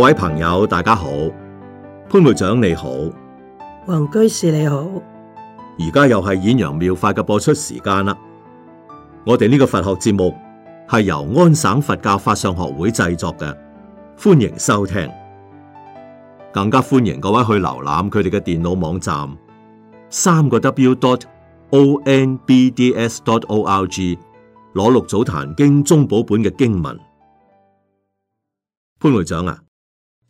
各位朋友，大家好，潘會長你好，黃居士你好，而家又係演揚妙法嘅播出時間啦。我哋呢個佛學節目係由安省佛教法相學會製作嘅，歡迎收聽，更加歡迎各位去瀏覽佢哋嘅電腦網站，三個 w dot o n b d s dot o r g 攞六祖壇經宗寶本嘅經文，潘會長啊。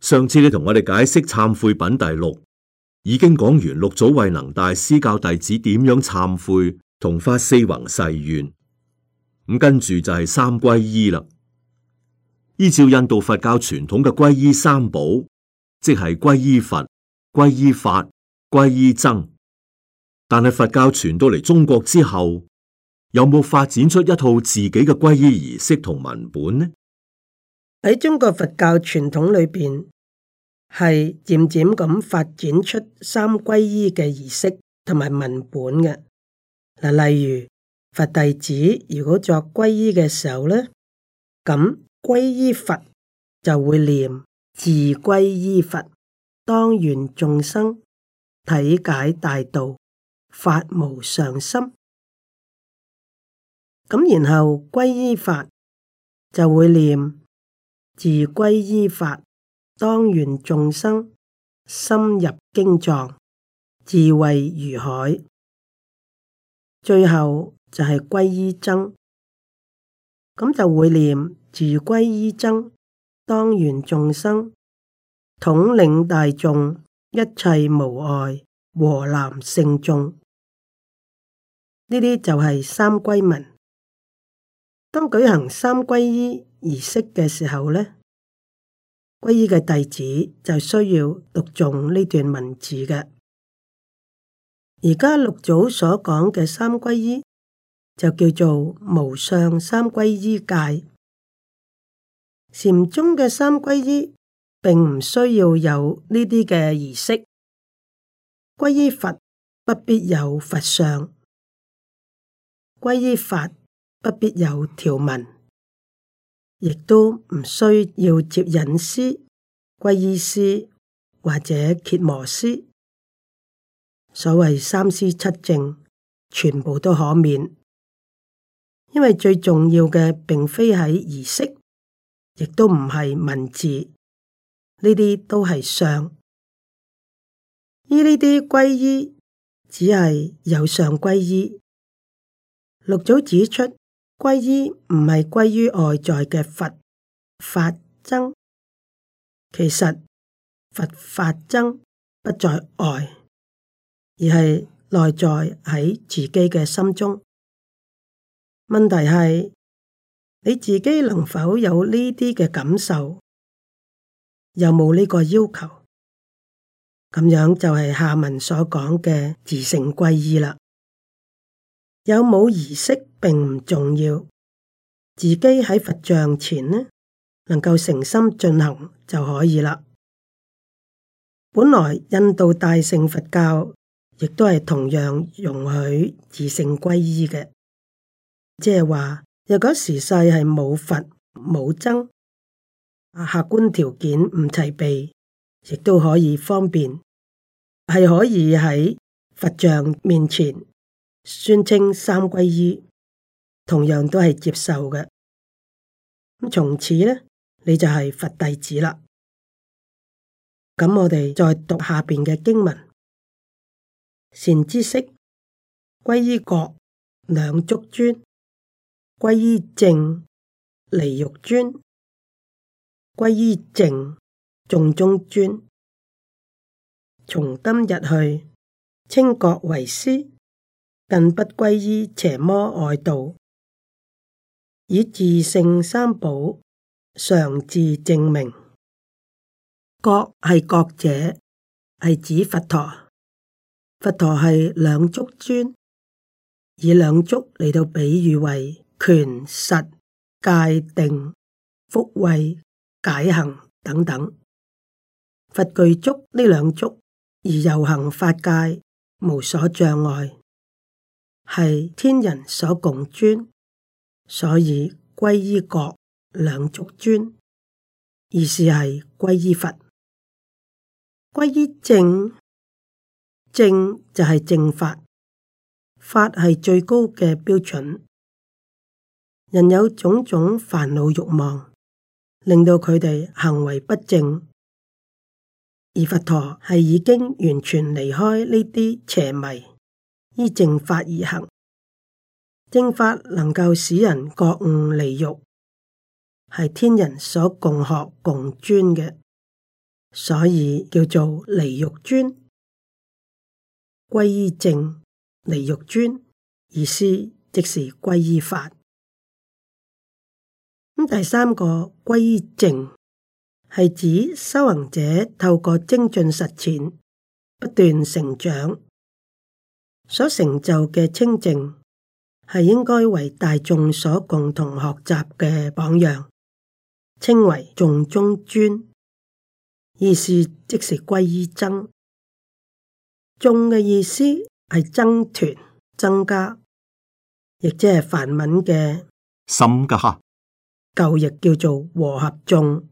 上次你同我哋解釋懺悔品第六，已經講完六祖慧能大師教弟子點樣懺悔，同發四弘誓願。咁跟住就係三皈依啦。依照印度佛教傳統嘅皈依三寶，即係皈依佛、皈依法、皈依僧。但係佛教傳到嚟中國之後，有冇發展出一套自己嘅皈依儀式同文本呢？喺中國佛教傳統裏邊，係漸漸咁發展出三皈依嘅儀式同埋文本嘅嗱。例如佛弟子如果作皈依嘅時候咧，咁皈依佛就會念自皈依佛，當願眾生體解大道，發無上心。咁然後皈依法就會念，自歸依法，當願眾生深入經藏，智慧如海。最後就係歸依僧，咁就會念自歸依僧，當願眾生統領大眾，一切無礙，和南聖眾。呢啲就係三歸文。當舉行三皈依儀式嘅時候呢，皈依嘅弟子就需要讀誦呢段文字嘅。而家六祖所講嘅三皈依就叫做無相三皈依戒。禪宗嘅三皈依並唔需要有呢啲嘅儀式，皈依佛不必有佛相。皈依佛。不必有條文，亦都唔需要接引師、皈依師或者羯磨師。所謂三師七證，全部都可免。因為最重要嘅並非喺儀式，亦都唔係文字，呢啲都係相。依呢啲皈依只係有相皈依。六祖指出，歸依唔係歸於外在嘅佛法僧，其實佛法僧不在外，而係內在喺自己嘅心中。問題係你自己能否有呢啲嘅感受，有冇呢個要求？咁樣就係下文所講嘅自成歸依啦。有冇儀式？並唔重要，自己喺佛像前呢，能夠誠心進行就可以啦。本來印度大乘佛教亦都係同樣容許二乘歸依嘅，即係話，若果時勢係冇佛冇僧，客觀條件唔齊備，亦都可以方便，係可以喺佛像面前宣稱三歸依。同樣都係接受嘅，咁從此呢，你就係佛弟子啦。咁我哋再讀下邊嘅經文：善知識，歸依覺兩足尊，歸依正離欲尊，歸依淨眾中尊。從今日去，稱覺為師，更不歸依邪魔外道。以自性三寶常自證明。覺係覺者，係指佛陀。佛陀係兩足尊，以兩足嚟到比喻為權實、戒定、福慧、解行等等。佛具足呢兩足，而遊行法界，無所障礙，係天人所共尊。所以歸依國兩足尊，而是係歸依佛。歸依正正就係正法，法係最高嘅標準。人有種種煩惱慾望，令到佢哋行為不正，而佛陀係已經完全離開呢啲邪迷，依正法而行。正法能夠使人覺悟離欲，係天人所共學共尊嘅，所以叫做離欲尊。歸正離欲尊，意思即是歸依法。咁第三個歸正，係指修行者透過精進實踐，不斷成長，所成就嘅清淨係應該為大眾所共同學習嘅榜樣，稱為眾中尊。意思即是歸依增眾嘅意思係增團增加，亦即係梵文嘅心噶吓。深哈舊譯叫做和合眾，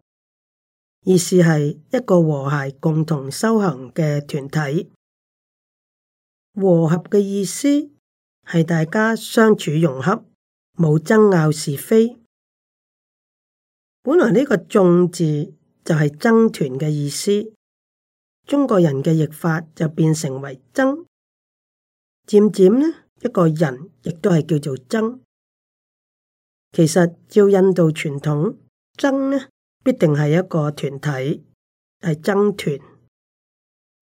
意思係一個和諧共同修行嘅團體。和合嘅意思。係大家相處融合，冇爭拗是非。本來呢、呢個眾字就係、是、僧團嘅意思，中國人嘅譯法就變成為僧。漸漸呢，一個人亦都係叫做僧。其實照印度傳統，僧呢必定係一個團體，係僧團。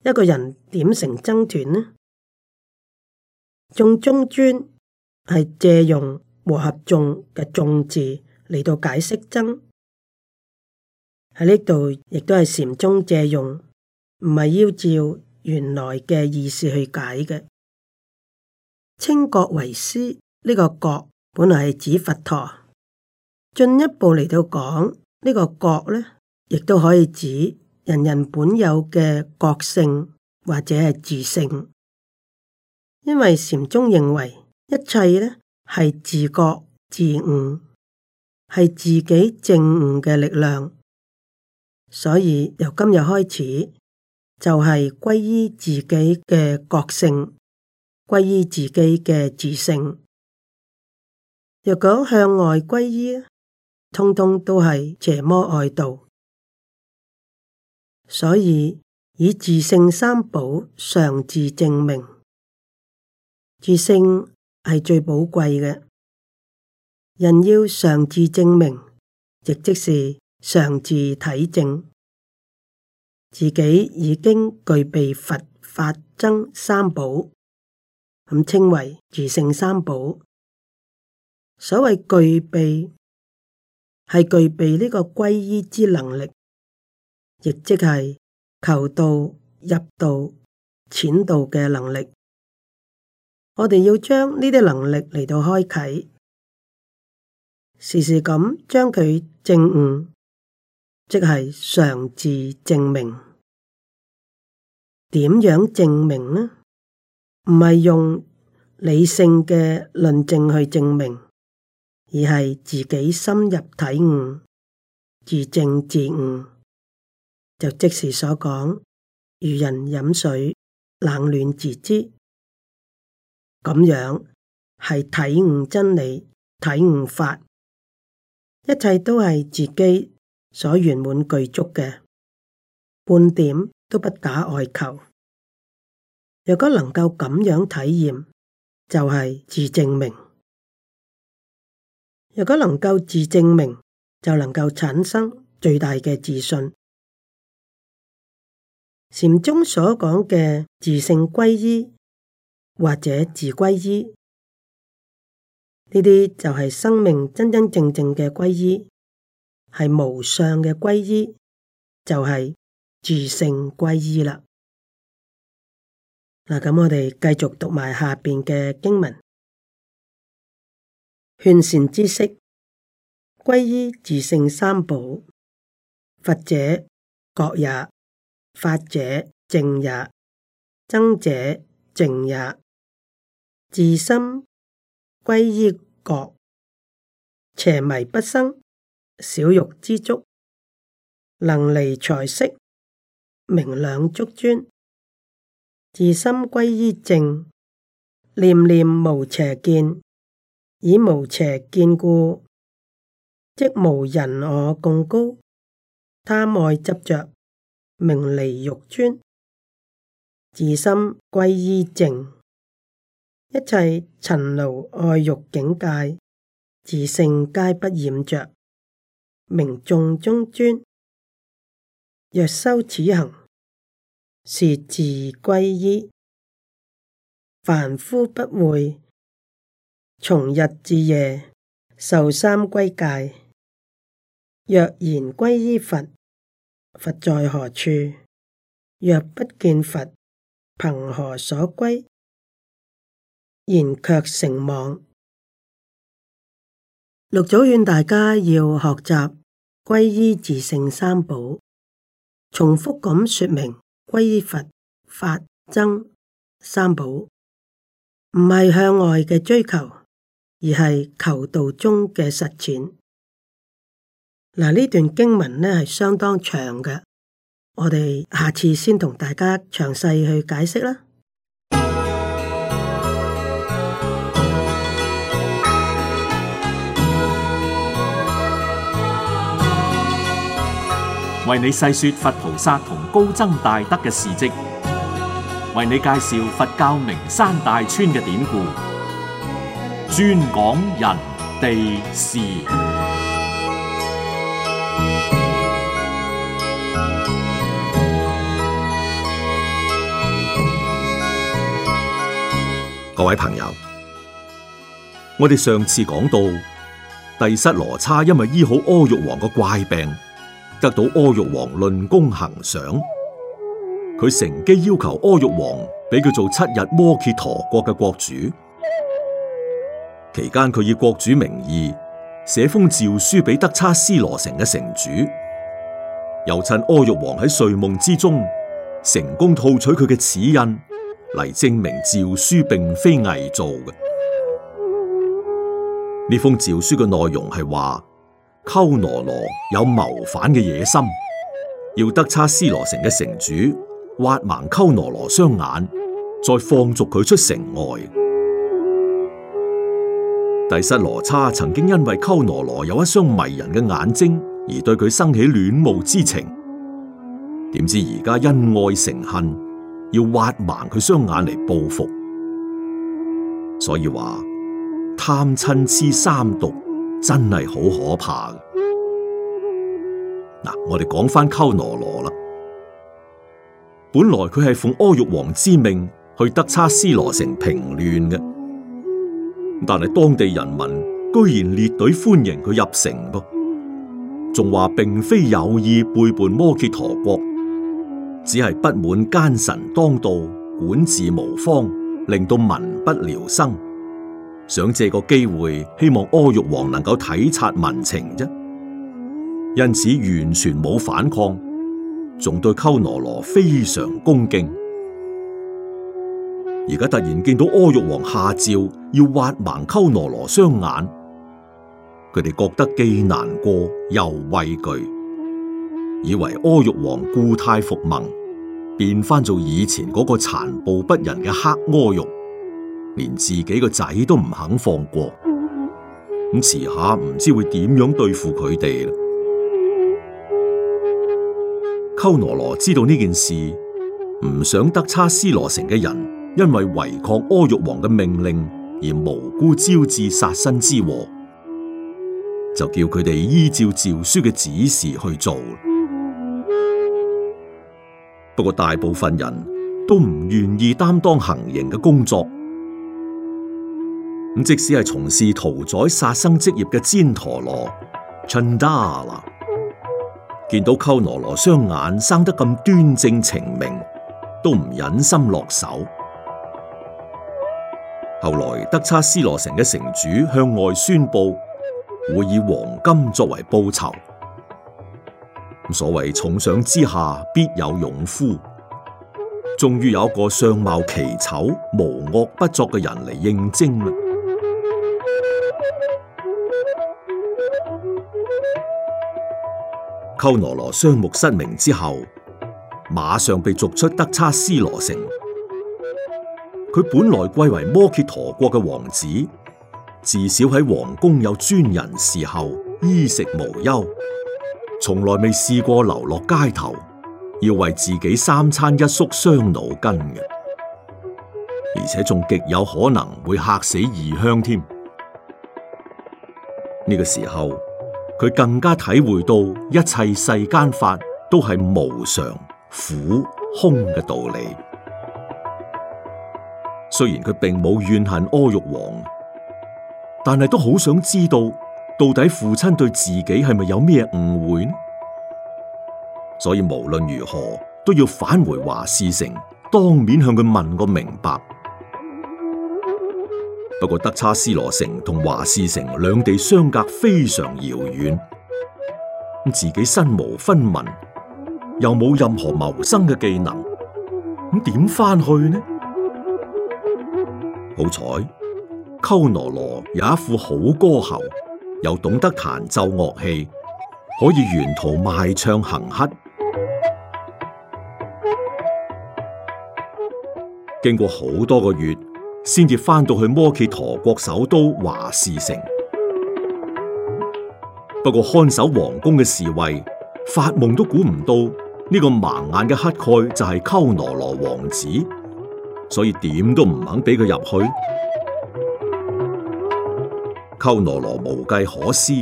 一個人點成僧團呢？眾中，中尊，係借用和合眾嘅眾字嚟到解釋僧，喺呢度亦都係禪宗借用，唔係要照原來嘅意思去解嘅。稱國為師呢、這個國本來係指佛陀，進一步嚟到講呢個國咧，亦都可以指人人本有嘅國性，或者係自性。因為禪宗認為一切咧係自覺自悟，係自己正悟嘅力量，所以由今日開始就係、是、歸依自己嘅覺性，歸依自己嘅自性。若果向外歸依，通通都係邪魔外道。所以以自性三寶常自證明。自性係最寶貴嘅，人要常自證明，亦即是常自體證，自己已經具備佛法僧三寶，咁稱為自性三寶。所謂具備，係具備呢個皈依之能力，亦即係求道、入道、淺道嘅能力。我哋要將呢啲能力嚟到開啟，時時咁將佢證悟，即係常自證明。點樣證明呢？唔係用理性嘅論證去證明，而係自己深入體悟，自證自悟。就即時所講，如人飲水，冷暖自知。咁樣係體悟真理、體悟法，一切都係自己所圓滿具足嘅，半點都不假外求。若果能夠咁樣體驗，就係、是、自證明；若果能夠自證明，就能夠產生最大嘅自信。禪宗所講嘅自性歸依。或者自歸依，呢啲就係生命真真正正嘅歸依，係無相嘅歸依，就係、是、自性歸依啦。嗱，咁我哋繼續讀埋下邊嘅經文，勸善知識，歸依自性三寶，佛者覺也，法者正也，僧者淨也。自心歸依覺，邪迷不生；少欲知足，能離財色，名兩足尊。自心歸依正，念念無邪見，以無邪見故，即無人我貢高，貪愛執着，名離欲尊。自心歸依淨。一切塵勞愛欲境界，自性皆不染着，名眾中尊。若修此行，是自歸依。凡夫不會從日至夜受三歸戒。若言歸依佛，佛在何處？若不見佛，憑何所歸？然卻成妄，六祖勸大家要學習歸依自性三寶，重複咁說明歸依佛、法、僧三寶，唔係向外嘅追求，而係求道中嘅實踐。嗱，呢段經文咧係相當長嘅，我哋下次先同大家詳細去解釋啦。為你細說佛菩薩同高僧大德嘅事跡，為你介紹佛教名山大川嘅典故，專講人地事。各位朋友，我哋上次講到帝室羅差，因為醫好阿育王個怪病。得到阿育王論功行賞，佢乘機要求阿育王俾佢做七日摩羯陀國嘅國主。期間佢以國主名義寫封詔書俾德差斯羅城嘅城主，又趁阿育王喺睡夢之中，成功套取佢嘅指印嚟證明詔書並非偽造嘅。呢封詔書嘅內容係話。鳩羅羅有謀反嘅野心，要得叉尸羅城嘅城主挖盲鳩羅羅雙眼，再放逐佢出城外。帝釋羅叉曾經因為鳩羅羅有一雙迷人嘅眼睛，而對佢生起戀慕之情。點知而家因愛成恨，要挖盲佢雙眼嚟報復。所以話貪嗔癡三毒。真係好可怕！嗱，我哋講返鳩羅羅啦。本來佢係奉阿育王之命去德差斯羅城平亂嘅，但係當地人民居然列隊歡迎佢入城噃，仲話並非有意背叛摩揭陀國，只係不滿奸臣當道，管治無方，令到民不聊生。想借個機會，希望柯玉王能夠體察民情啫，因此完全冇反抗，仲對鳩羅羅非常恭敬。而家突然見到柯玉王下詔要挖盲鳩羅羅雙眼，佢哋覺得既難過又畏懼，以為柯玉王故態復萌，變翻做以前嗰個殘暴不仁嘅黑柯玉。連自己個仔都唔肯放過，咁遲下唔知會點樣對付佢哋啦。鳩羅羅知道呢件事，唔想德差斯羅城嘅人因為違抗阿育王嘅命令而無辜招致殺身之禍，就叫佢哋依照詔書嘅指示去做。不過大部分人都唔願意擔當行刑嘅工作。即使係從事屠宰殺，殺生職業嘅旃陀羅，Chandala，見到鳩羅羅雙眼生得咁端正澄明，都唔忍心落手。後來德差斯羅城嘅城主向外宣布，會以黃金作為報酬。所謂重賞之下，必有勇夫。終於有一個相貌奇醜、無惡不作嘅人嚟應徵啦。鳩羅羅雙目失明之後，馬上被逐出德差斯羅城。佢本來貴為摩羯陀國嘅王子，自小喺皇宮有專人侍候，衣食無憂，從來未試過流落街頭，要為自己三餐一宿傷腦筋嘅。而且仲極有可能會吓死異鄉添。呢、這個時候。佢更加體會到一切世間法都係無常、苦、空嘅道理。雖然佢並冇怨恨柯玉王，但係都好想知道到底父親對自己係咪有咩誤會？所以無論如何都要返回華士城，當面向佢問個明白。不過德差斯羅城同華士城兩地相隔非常遙遠，自己身無分文，又冇任何謀生嘅技能，咁點返去呢？好彩，溝羅羅有一副好歌喉，又懂得彈奏樂器，可以沿途賣唱行乞。經過好多個月。先至翻到去摩羯陀國首都華氏城。不過看守皇宮嘅侍衛發夢都估唔到，呢個盲眼嘅乞丐就係鳩羅羅王子，所以點都唔肯俾佢入去。鳩羅羅無計可施，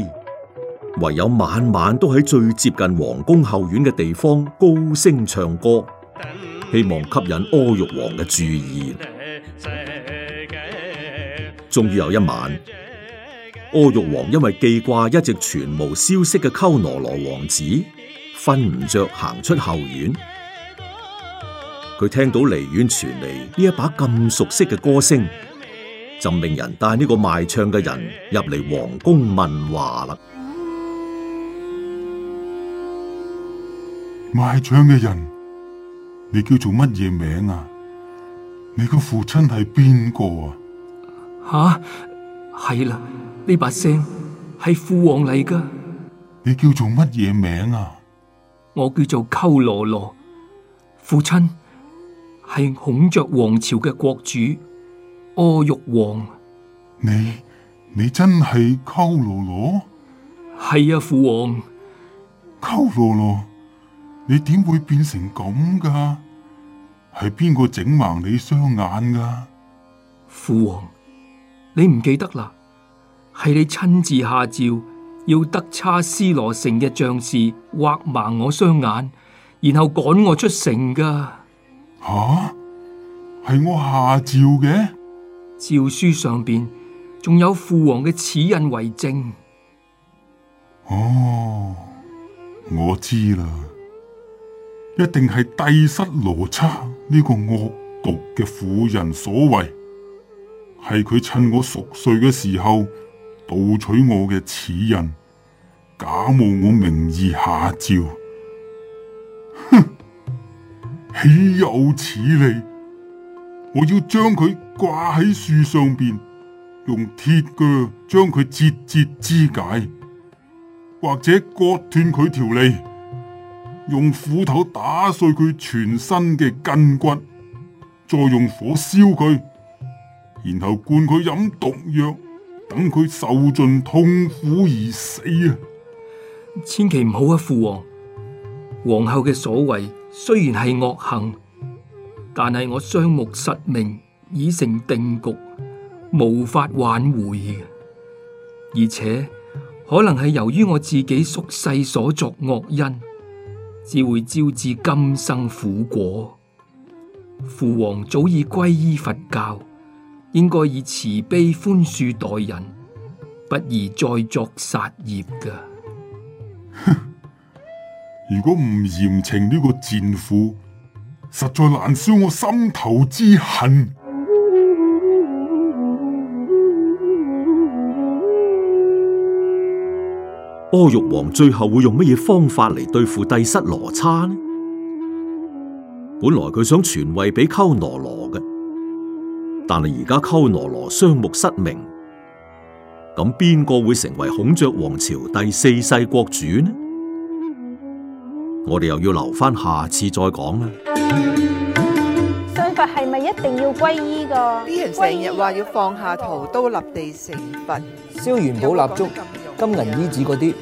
唯有晚晚都喺最接近皇宮後院嘅地方高聲唱歌，希望吸引阿育王嘅注意。終於有一晚，阿育王因為記掛一直全無消息嘅鳩羅羅王子，瞓唔着，行出後院。佢聽到離院傳嚟呢一把咁熟悉嘅歌聲，就命人帶呢個賣唱嘅人入嚟皇宮問話啦。賣唱嘅人，你叫做乜嘢名啊？你個父親係邊個啊？吓，係啦、啊，呢把聲係父王嚟噶。你叫做乜嘢名啊？我叫做溝羅羅，父親係孔雀王朝嘅國主柯玉王。你你真係溝羅羅？係啊，父王。溝羅羅，你點會變成咁噶？係邊個整盲你雙眼噶？父王。你唔記得啦？係你親自下詔要得差斯羅城嘅將士畫盲我雙眼，然後趕我出城噶。吓、啊，係我下詔嘅？詔書上邊仲有父王嘅齒印為證。哦，我知啦，一定係帝室羅差呢個惡毒嘅婦人所為。係佢趁我熟睡嘅時候盜取我嘅齒印，假冒我名義下詔。哼，豈有此理！我要將佢掛喺樹上面，用鐵鋸將佢節節肢解，或者割斷佢條脷，用斧頭打碎佢全身嘅筋骨，再用火燒佢。然後灌佢飲毒藥，等佢受盡痛苦而死啊！千祈唔好啊，父王！皇后嘅所為雖然係惡行，但係我雙目失明已成定局，無法挽回嘅。而且可能係由於我自己宿世所作惡因，只會招致今生苦果。父王早已皈依佛教。應該以慈悲寬恕待人，不宜再作殺業噶。 如果唔嚴懲呢個賤婦，實在難消我心頭之恨。阿、哦、育王最後會用乜嘢方法嚟對付帝失羅叉呢？本來佢想傳位俾鳩羅羅嘅。但係而家鳩羅羅雙目失明，咁邊個會成為孔雀王朝第四世國主呢？嗯嗯、我哋又要留翻下，下次再講啦。信佛係咪一定要皈依噶？啲人成日話要放下屠刀立地成佛，燒元寶蠟燭、金銀衣紙嗰啲，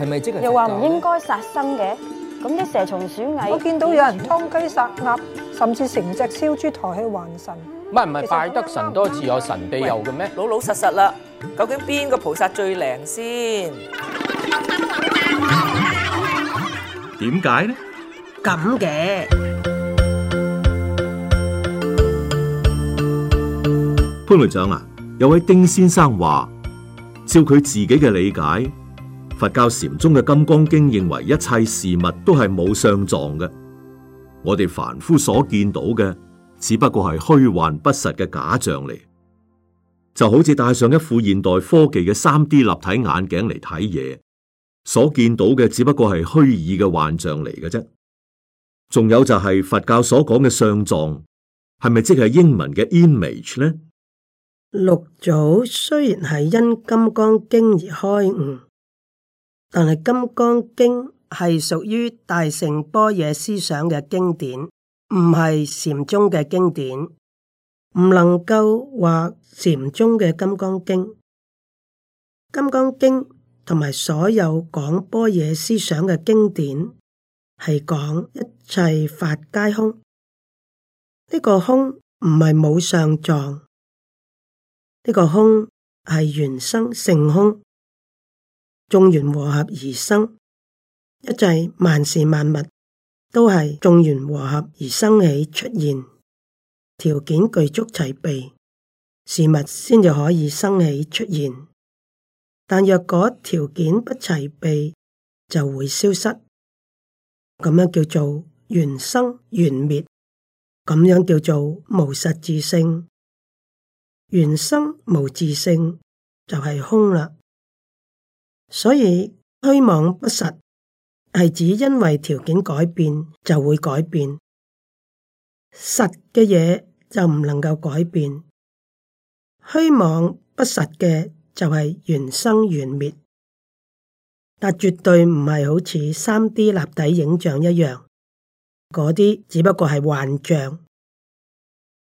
係咪、嗯、即係？又話唔應該殺生嘅，咁啲蛇蟲鼠蟻，我見到有人殺雞殺鴨，甚至成隻燒豬抬去還神。乜唔係，拜得神多自有神庇佑嘅咩？老老實實啦，究竟邊個菩薩最靈先？點解呢？咁嘅潘隊長啊，有位丁先生話，照佢自己嘅理解，佛教禪宗嘅《金剛經》認為一切事物都係冇相狀嘅，我哋凡夫所見到嘅，只不過係虛幻不實嘅假象嚟，就好似戴上一副現代科技嘅三 D 立體眼鏡嚟睇嘢，所見到嘅只不過係虛擬嘅幻象嚟嘅啫。仲有就係佛教所講嘅相狀，係咪即係英文嘅 image 呢？六祖雖然係因金剛經而開悟，但係金剛經係屬於大乘般若思想嘅經典。唔係禪宗嘅經典，唔能夠話禪宗嘅金剛經、金剛經同埋所有講般若思想嘅經典係講一切法皆空。呢、這個空唔係冇相狀，呢、這個空係緣生性空，眾緣和合而生，一切萬事萬物。都係眾緣和合而生起出現，條件具足齊備，事物先至可以生起出現。但若果條件不齊備，就會消失。咁樣叫做緣生緣滅，咁樣叫做無實質性。緣生無自性就係空啦。所以虛妄不實。係指因為條件改變就會改變，實嘅嘢就唔能夠改變，虛妄不實嘅就係緣生緣滅。但絕對唔係好似三 D 立體影像一樣，嗰啲只不過係幻象，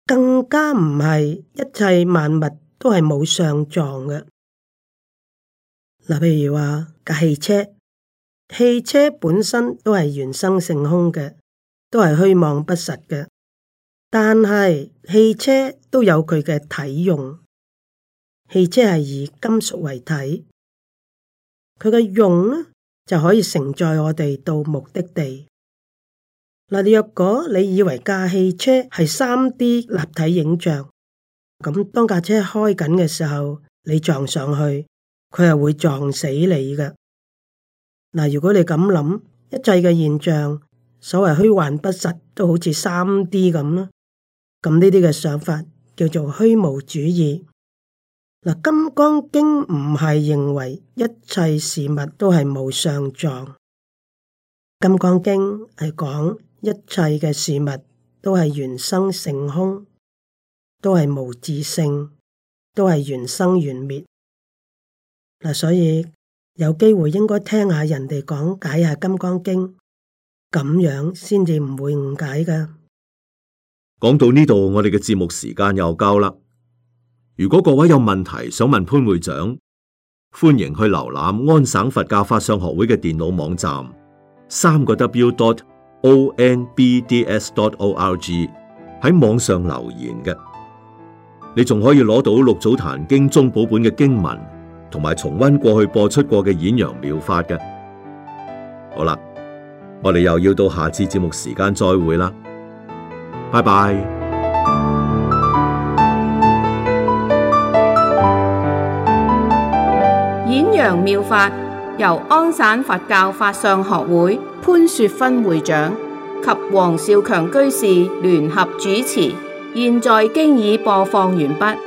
更加唔係一切萬物都係冇相狀嘅。嗱，譬如話架汽車。汽車本身都係原生性空嘅，都係虛妄不實嘅。但係汽車都有佢嘅體用，汽車係以金屬為體，佢嘅用呢就可以承載我哋到目的地。嗱，若果你以為架汽車係三 D 立體影像，咁當架車開緊嘅時候，你撞上去，佢係會撞死你㗎。嗱，如果你咁諗，一切嘅現象，所謂虛幻不實，都好似三 D 咁囉。咁呢啲嘅想法叫做虛無主義。嗱，《金剛經》唔係認為一切事物都係無上狀，《金剛經》係講一切嘅事物都係原生性空，都係無自性，都係原生原滅。嗱，所以。有機會應該聽下人哋講解下《金剛經》，咁樣先至唔會誤解噶。講到呢度，我哋嘅節目時間又夠啦。如果各位有問題想問潘會長，歡迎去瀏覽安省佛教法相學會嘅電腦網站，嗯、三個 w.dot.o.n.b.d.s.dot.o.r.g 喺網上留言嘅。你仲可以攞到《六祖壇經》中寶本嘅經文。同埋重温過去播出過嘅演揚妙法嘅。好啦，我哋又要到下次節目時間再會啦，拜拜。演揚妙法由安省佛教法相學會潘雪芬會長及黃少強居士聯合主持，現在經已播放完畢。